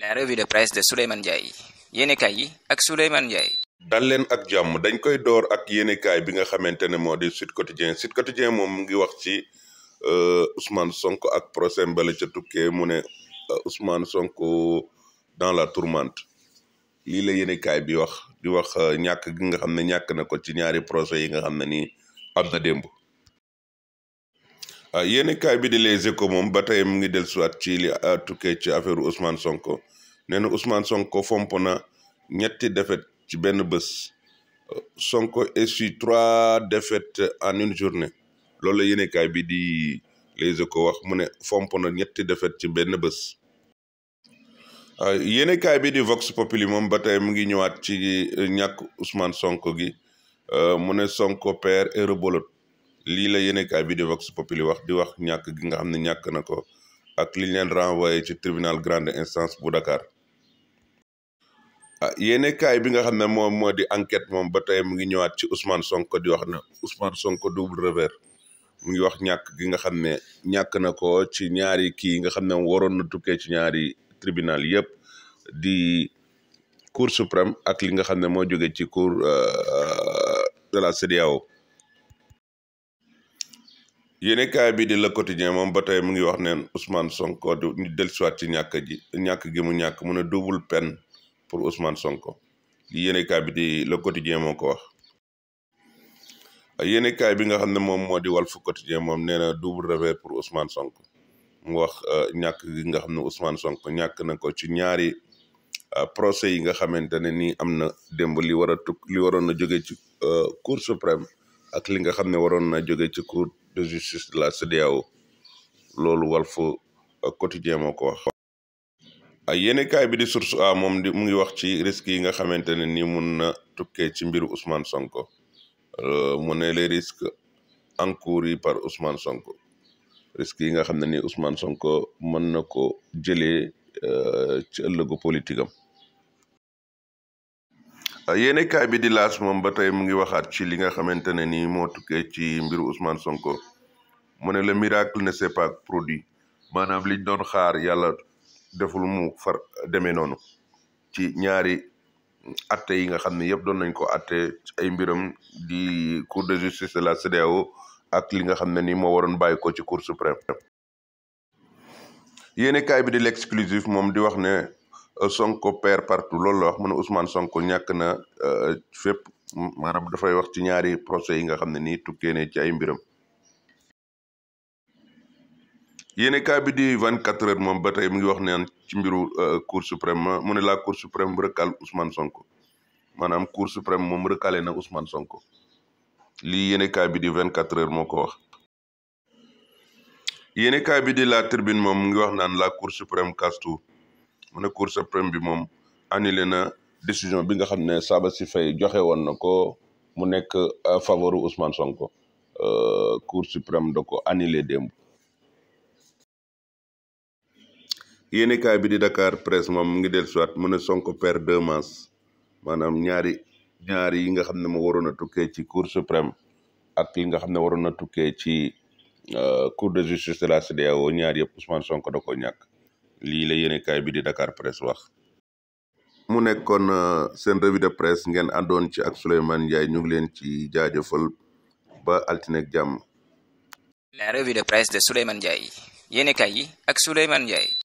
la revue de presse de Souleymane Ndiaye yéenekaay yi ak Souleymane Ndiaye dal leen ak jàmm dañ koy door ak yéenekaay bi nga xamante ne moo di Sud Quotidien Sud Quotidien moom mu ngi wax ci euh, Ousmane sonk ak procès mbala ca tukkee mu ne euh, Ousmane Sonko dans la tourmente lii la yéenekaay bi wax di wax euh, ñàkk gi nga xam ne ñàkk na ko ci ñaari procès yi nga xam ne nii am démb Ah, yéen kaay bi di Les Échos moom ba tey mu ngi dellusiwaat ci li ah, tukkee ci affaire Ousmane Sonko nee na Ousmane Sonko fomp na ñetti défaite ci benn bës Sonko essuie trois defet en une journée loolu la yéen bi di Les Échos wax mu ne fomp na ñetti défaite ci benn bës ah, yéen kaay bi di Vox Populi moom ba tey mu ngi ñëwaat ci ñàkk Ousmane Sonko gi mu ne Sonko père et lii la yéenekaay bi di Vox Populi wax di wax ñàkk gi nga xam ne ñàkk na ko ak li leen renvoyé ci tribunal grande instance bu Dakar ah yéenekaay bi nga xam ne moom moo di enquete moom ba tey mu ngi ñëwaat ci Ousmane Sonko di wax na Ousmane Sonko double revers mu ngi wax ñàkk gi nga xam ne ñàkk na ko ci ñaari kii nga xam ne waroon na tukkee ci ñaari tribunal yëpp di cour suprême ak li nga xam ne moo jóge ci cour euh, de la CEDEAO yene yéenekaay bi di la Le Quotidien moom ba tey mu ngi wax neen Ousmane Sonko di ñu dellusiwaat ci ñàkk ji ñàkk gi mu ñàkk mu ne double peine pour Ousmane Sonko li yéenekaay bi di Le Quotidien moo ko wax. yéenekaay bi nga xam ne moom moo di wal Walf Quotidien moom nee na double revers pour Ousmane Sonko mu wax euh, ñàkk gi nga xam ne Ousmane Sonko ñàkk na ko ci ñaari euh, procès yi nga xamante ne nii am na démb li war a tukk li waroon na jóge ci euh, Cour suprême ak li nga xam ne waroon na jóge ci cour. la CEDEAO loolu Walf euh, Quotidien moo ko wax ay yéenekaay bi di source a moom di mu ngi wax ci risques yi nga xamante ne ni mun na tukkee ci mbiru Ousmane Sonko euh, mu ne les risques encourus par Ousmane Sonko risques yi nga xam ne ni Ousmane Sonko mën na ko jëlee euh, ci ëllëgu politique am yéenekaay bi di laas moom ba tey mu ngi waxaat ci li nga xamante ne nii moo tukkee ci mbiru Ousmane Sonko mu ne le miracle ne s'est pas produit maanaam liñ doon xaar yàlla deful mu far demee noonu ci ñaari atte yi nga xam ne yëpp doon nañ ko atte ay mbiram di cour de justice de la CEDEAO ak li nga xam ne nii moo waroon bàyyi ko ci cour suprême yéenekaay bi di l'exclusif moom di wax ne Sonko per partout loolu la wax mu ne Ousmane Sonko ñàkk na euh, fépp maanaam dafay wax ci ñaari procès yi nga xam ne nii tukkee ne ci ay mbiram. yéene kaa bi di vingt quatre heures moom ba tey mu ngi wax naan ci mbiru euh, cour suprême mu la cour suprême recale Ousmane Sonko maanaam cour suprême moom recalé na Ousmane Sonko lii yéene kaa bi di vingt quatre heures moo ko wax. yéene kaa bi di la tribune moom mu ngi wax naan la cour suprême casse tout mu ne cour suprême bi moom annulé na décision bi nga xam ne si Faye joxe woon na ko mu nekk euh, faveur Ousmane Sonko euh, cour suprême da ko annulé démb. yéenekaay bi di Dakar Presse moom mu ngi dellu siwaat mu ne Sonko perd deux manches maanaam ñaari ñaari yi nga xam ne moo waroon a tukkee ci cour suprême ak li nga xam ne waroon a tukkee ci euh, cour de justice de la CEDEAO ñaar yëpp Ousmane Sonko da ko ñàkk. lii la yéenekaay bi di Dakar Presse wax mu nekkoon euh, seen revue de presse ngen àndoon ci ak Souleymane Ndiaye ñu ngi leen ci jaajëfal ba altine ak jàmm la revue de presse de Souleymane Ndiaye yéenekaay yi ak Souleymane Ndiaye